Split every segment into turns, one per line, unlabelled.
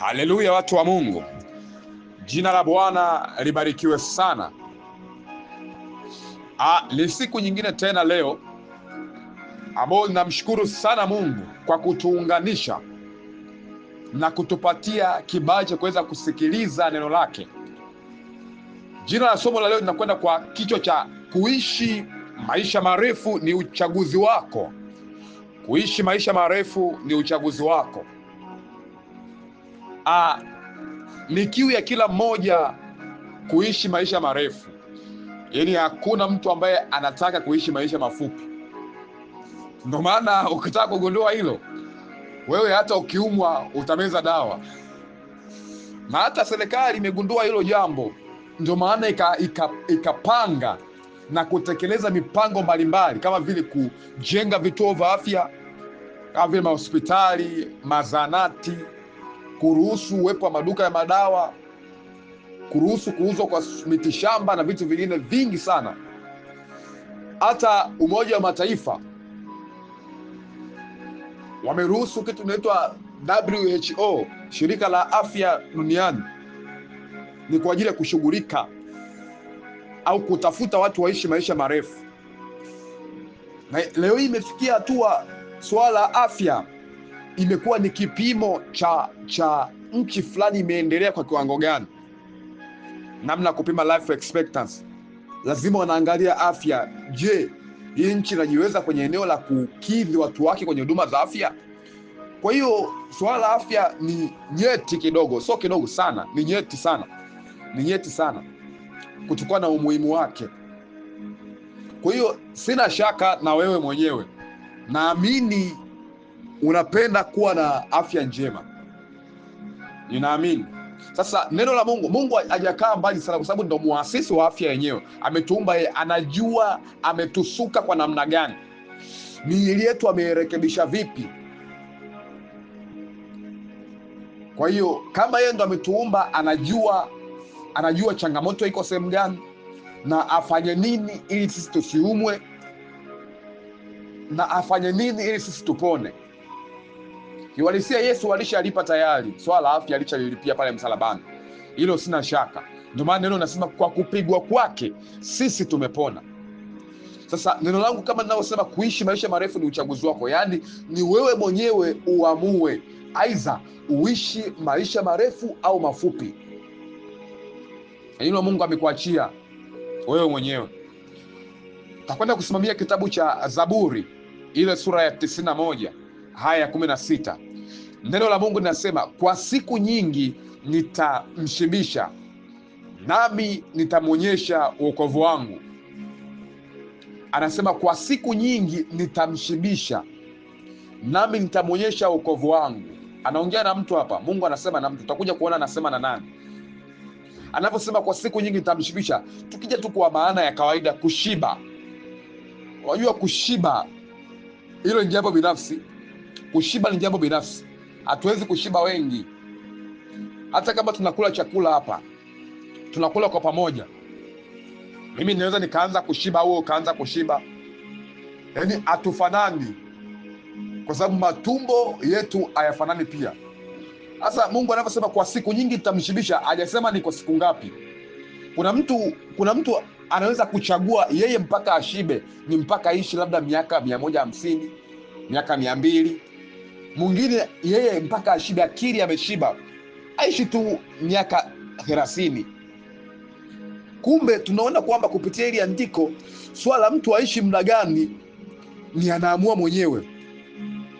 Haleluya, watu wa Mungu, jina la Bwana libarikiwe sana. Ah, ni siku nyingine tena leo ambayo linamshukuru sana Mungu kwa kutuunganisha na kutupatia kibali cha kuweza kusikiliza neno lake. Jina la somo la leo linakwenda kwa kichwa cha kuishi maisha marefu ni uchaguzi wako. Kuishi maisha marefu ni uchaguzi wako ah, ni kiu ya kila mmoja kuishi maisha marefu, yaani hakuna mtu ambaye anataka kuishi maisha mafupi. Ndio maana ukitaka kugundua hilo, wewe hata ukiumwa utameza dawa, na hata serikali imegundua hilo jambo, ndio maana ikapanga na kutekeleza mipango mbalimbali kama vile kujenga vituo vya afya kama vile mahospitali, mazanati kuruhusu uwepo wa maduka ya madawa, kuruhusu kuuzwa kwa mitishamba na vitu vingine vingi sana. Hata Umoja wa Mataifa wameruhusu kitu inaitwa WHO, shirika la afya duniani, ni kwa ajili ya kushughulika au kutafuta watu waishi maisha marefu, na leo hii imefikia hatua suala la afya imekuwa ni kipimo cha cha nchi fulani imeendelea kwa kiwango gani. Namna kupima life expectancy, lazima wanaangalia afya. Je, hii nchi inajiweza kwenye eneo la kukidhi watu wake kwenye huduma za afya? Kwa hiyo suala la afya ni nyeti kidogo, sio kidogo sana, ni nyeti sana, ni nyeti sana kutokana na umuhimu wake. Kwa hiyo sina shaka na wewe mwenyewe, naamini unapenda kuwa na afya njema, ninaamini sasa neno la Mungu. Mungu hajakaa mbali sana, kwa sababu ndo muasisi wa afya yenyewe. Ametuumba yeye, anajua ametusuka kwa namna gani, miili yetu ameirekebisha vipi. Kwa hiyo kama yeye ndo ametuumba, anajua anajua changamoto iko sehemu gani na afanye nini ili sisi tusiumwe, na afanye nini ili sisi tupone kiwalisia Yesu alishalipa tayari, swala la afya alishalilipia pale msalabani, hilo sina shaka. Ndio maana neno nasema kwa kupigwa kwake sisi tumepona. Sasa neno langu kama ninavyosema, kuishi maisha marefu ni uchaguzi wako, yaani ni wewe mwenyewe uamue, aidha uishi maisha marefu au mafupi. Hilo Mungu amekuachia wewe mwenyewe. Takwenda kusimamia kitabu cha Zaburi ile sura ya tisini na moja haya ya kumi na sita neno la Mungu linasema kwa siku nyingi nitamshibisha, nami nitamwonyesha uokovu wangu. Anasema kwa siku nyingi nitamshibisha, nami nitamwonyesha uokovu wangu. Anaongea na mtu hapa, Mungu anasema na mtu, utakuja kuona anasema na nani anavyosema kwa siku nyingi nitamshibisha. Tukija tu kwa maana ya kawaida, kushiba, unajua kushiba, hilo ni jambo binafsi Kushiba ni jambo binafsi, hatuwezi kushiba wengi. Hata kama tunakula chakula hapa, tunakula kwa pamoja, mimi naweza nikaanza kushiba, wewe ukaanza kushiba, yaani hatufanani, kwa sababu matumbo yetu hayafanani pia. Sasa Mungu anavyosema kwa siku nyingi tutamshibisha, hajasema ni kwa siku ngapi. Kuna mtu kuna mtu anaweza kuchagua yeye mpaka ashibe ni mpaka aishi labda miaka mia moja hamsini miaka mia mbili mwingine yeye mpaka ashibe, akili ameshiba, aishi tu miaka thelathini. Kumbe tunaona kwamba kupitia hili andiko swala mtu aishi mda gani ni anaamua mwenyewe,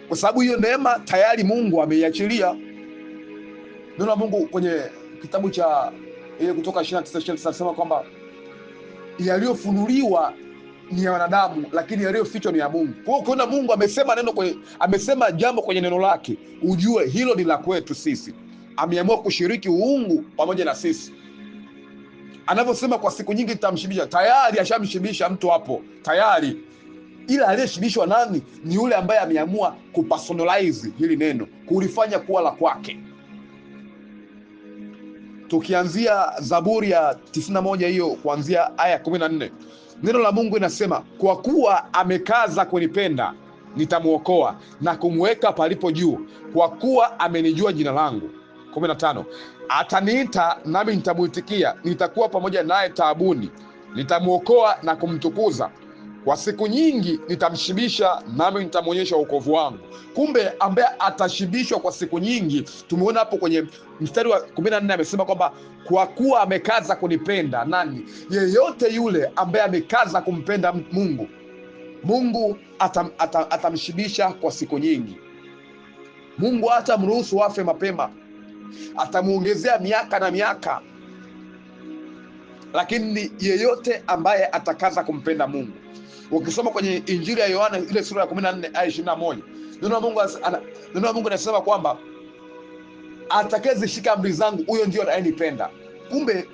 kwa sababu hiyo neema tayari Mungu ameiachilia. Neno Mungu kwenye kitabu cha ile eh, Kutoka 29:29 anasema kwamba yaliyofunuliwa ni ya wanadamu, lakini yaliyofichwa ni ya Mungu. Kwa hiyo ukiona Mungu amesema neno kwenye, amesema jambo kwenye neno lake, ujue hilo ni la kwetu sisi. Ameamua kushiriki uungu pamoja na sisi anavyosema kwa siku nyingi tamshibisha, Tayari ashamshibisha mtu hapo tayari, ila aliyeshibishwa nani? Ni yule ambaye ameamua kupersonalize hili neno, kulifanya kuwa la kwake tukianzia Zaburi ya 91 hiyo kuanzia aya 14, neno la Mungu inasema kwa kuwa amekaza kunipenda nitamwokoa na kumweka palipo juu, kwa kuwa amenijua jina langu. 15 Ataniita nami nitamwitikia, nitakuwa pamoja naye taabuni, nitamwokoa na kumtukuza kwa siku nyingi nitamshibisha, nami nitamwonyesha wokovu wangu. Kumbe ambaye atashibishwa kwa siku nyingi, tumeona hapo kwenye mstari wa 14 amesema kwamba kwa kuwa amekaza kunipenda. Nani? Yeyote yule ambaye amekaza kumpenda Mungu, Mungu atam, atam, atamshibisha kwa siku nyingi. Mungu hata mruhusu afe mapema, atamwongezea miaka na miaka, lakini yeyote ambaye atakaza kumpenda Mungu Ukisoma kwenye Injili ya Yohana ile sura ya 14 aya 21, neno la Mungu neno la Mungu anasema kwamba atakayezishika amri zangu huyo ndio anayenipenda. Kumbe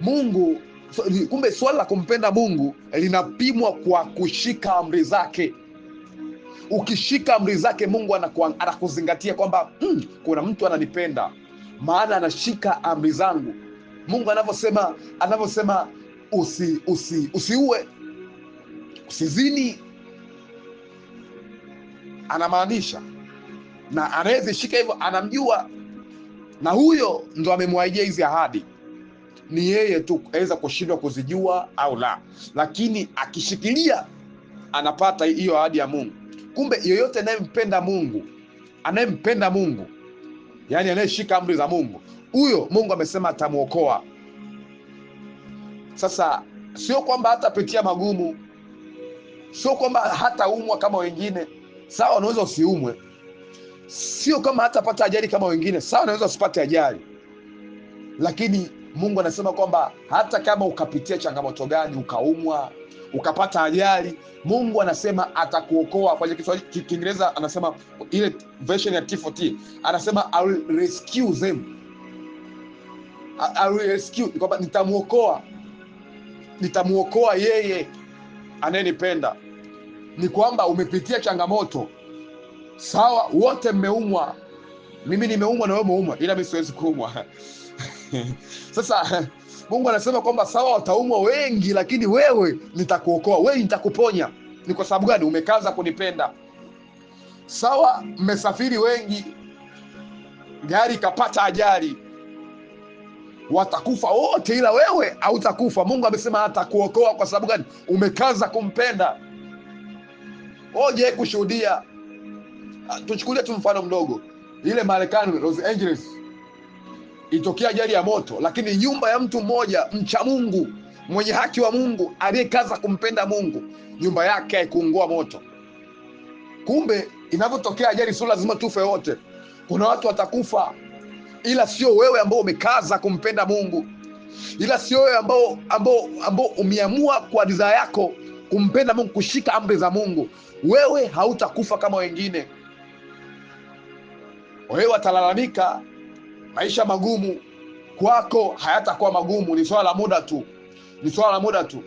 Mungu so, kumbe swala la kumpenda Mungu linapimwa kwa kushika amri zake. Ukishika amri zake, Mungu anakuzingatia kwamba mm, kuna mtu ananipenda, maana anashika amri zangu. Mungu anavyosema anavyosema usi usi usiue usizini anamaanisha, na anayezishika hivyo anamjua, na huyo ndo amemwaijia hizi ahadi. Ni yeye tu aweza kushindwa kuzijua au la, lakini akishikilia anapata hiyo ahadi ya Mungu. Kumbe yoyote anayempenda Mungu, anayempenda Mungu, yaani anayeshika amri za Mungu, huyo Mungu amesema atamwokoa. Sasa sio kwamba hatapitia magumu sio kwamba hataumwa kama wengine, sawa, unaweza usiumwe. Sio kama hata pata ajali kama wengine, sawa, unaweza usipate ajali, lakini Mungu anasema kwamba hata kama ukapitia changamoto gani, ukaumwa, ukapata ajali, Mungu anasema atakuokoa. Kwa Kiingereza anasema ile version ya t anasema I will rescue them, I will rescue, kwamba nitamuokoa, nitamuokoa yeye anayenipenda ni kwamba umepitia changamoto sawa, wote mmeumwa. Mimi nimeumwa na wewe umeumwa, ila mimi siwezi kuumwa. Sasa Mungu anasema kwamba sawa, wataumwa wengi, lakini wewe nitakuokoa, wewe nitakuponya. Ni kwa sababu gani? Umekaza kunipenda. Sawa, mmesafiri wengi, gari ikapata ajali watakufa wote, ila wewe hautakufa. Mungu amesema atakuokoa. Kwa sababu gani? Umekaza kumpenda. Oje kushuhudia, ah, tuchukulie tu mfano mdogo, ile Marekani, Los Angeles, itokea ajali ya moto, lakini nyumba ya mtu mmoja mcha Mungu mwenye haki wa Mungu aliyekaza kumpenda Mungu, nyumba yake haikuungua moto. Kumbe inavyotokea ajali, sio lazima tufe wote, kuna watu watakufa ila sio wewe ambao umekaza kumpenda Mungu, ila sio wewe ambao ambao ambao umeamua kwa ridhaa yako kumpenda Mungu, kushika amri za Mungu, wewe hautakufa kama wengine. Wewe watalalamika maisha magumu, kwako hayatakuwa magumu. Ni swala la muda tu, ni swala la muda tu,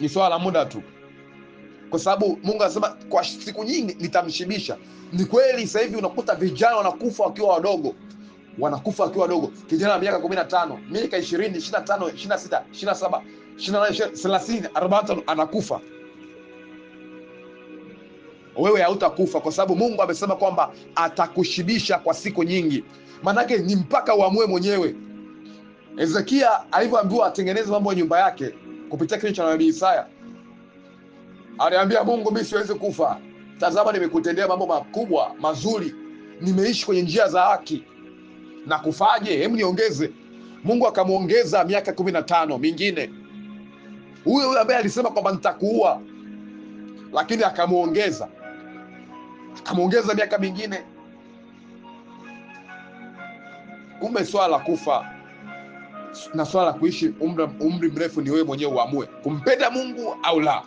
ni swala la muda tu kwa sababu Mungu anasema kwa siku nyingi nitamshibisha. Ni kweli, sasa hivi unakuta vijana wanakufa wakiwa wadogo, wanakufa wakiwa wadogo, kijana wa miaka kumi na tano, miaka ishirini, ishirini na tano, ishirini na sita, ishirini saba, thelathini, arobaini anakufa. Wewe hautakufa kwa sababu Mungu amesema kwamba atakushibisha kwa siku nyingi. Maanake ni mpaka uamue mwenyewe. Hezekia alivyoambiwa atengeneze mambo ya nyumba yake kupitia kinywa cha nabii Isaya Aliambia Mungu, mimi siwezi kufa. Tazama, nimekutendea mambo makubwa mazuri, nimeishi kwenye njia za haki na kufaje? Hebu niongeze. Mungu akamwongeza miaka kumi na tano mingine, huyo huyo ambaye alisema kwamba nitakuua, lakini akamwongeza, akamwongeza miaka mingine. Kumbe swala la kufa na swala la kuishi umri mrefu ni wewe mwenyewe uamue kumpenda Mungu au la.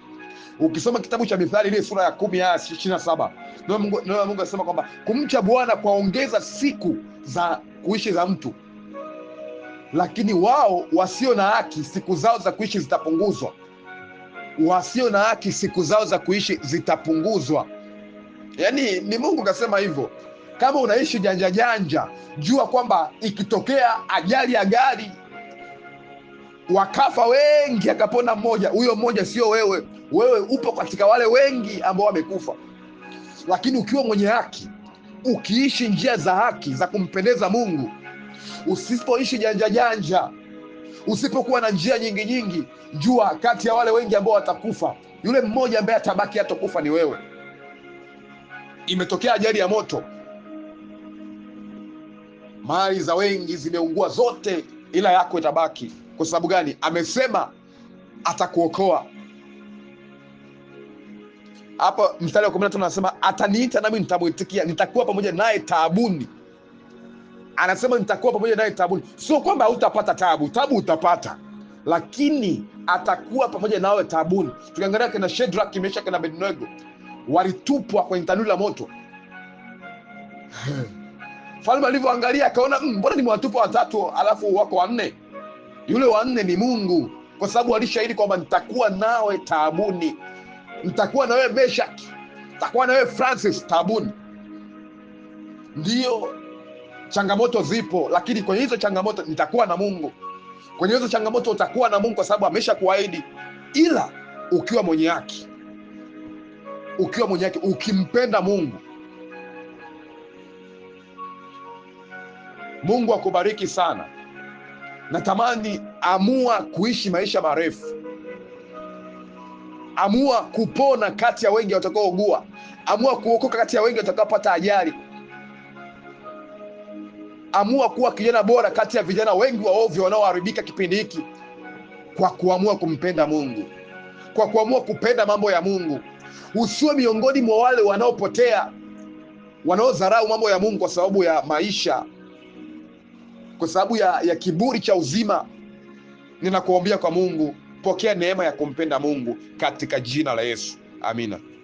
Ukisoma kitabu cha Mithali ile sura ya kumi aya ishirini na saba neno Mungu, Mungu anasema kwamba kumcha Bwana kwaongeza siku za kuishi za mtu, lakini wao wasio na haki siku zao za kuishi zitapunguzwa. Wasio na haki siku zao za kuishi zitapunguzwa. Yaani ni Mungu kasema hivyo. Kama unaishi janja janja, jua kwamba ikitokea ajali ya gari wakafa wengi, akapona mmoja. Huyo mmoja sio wewe, wewe upo katika wale wengi ambao wamekufa. Lakini ukiwa mwenye haki, ukiishi njia za haki za kumpendeza Mungu, usipoishi janja janja, usipokuwa na njia nyingi nyingi, jua kati ya wale wengi ambao watakufa, yule mmoja ambaye atabaki hatokufa ni wewe. Imetokea ajali ya moto, mali za wengi zimeungua zote, ila yako itabaki. Kwa sababu gani? Amesema atakuokoa. hapo mstari wa kumi na tano anasema ataniita nami nitamwitikia, nitakuwa pamoja naye taabuni. Anasema nitakuwa pamoja naye taabuni, sio kwamba hautapata tabu. Tabu utapata, lakini atakuwa pamoja nawe taabuni. Tukiangalia kina Shadraka, Meshaki kina Abednego walitupwa kwenye tanuri la moto Falme alivyoangalia akaona, hmm, mbona ni mwatupa watatu alafu wako wanne? Yule wa nne ni Mungu, kwa sababu alishahidi kwamba nitakuwa nawe taabuni, nitakuwa nawe Meshak, nitakuwa nawe Francis taabuni. Ndiyo, changamoto zipo, lakini kwenye hizo changamoto nitakuwa na Mungu. Kwenye hizo changamoto utakuwa na Mungu kwa sababu amesha kuahidi ila ukiwa mwenye haki, ukiwa mwenye haki, ukimpenda Mungu. Mungu akubariki sana. Natamani amua kuishi maisha marefu, amua kupona kati ya wengi watakaougua, amua kuokoka kati ya wengi watakaopata ajali, amua kuwa kijana bora kati ya vijana wengi wa ovyo wanaoharibika kipindi hiki, kwa kuamua kumpenda Mungu, kwa kuamua kupenda mambo ya Mungu. Usiwe miongoni mwa wale wanaopotea, wanaodharau mambo ya Mungu kwa sababu ya maisha kwa sababu ya, ya kiburi cha uzima. Ninakuombea kwa Mungu, pokea neema ya kumpenda Mungu katika jina la Yesu, amina.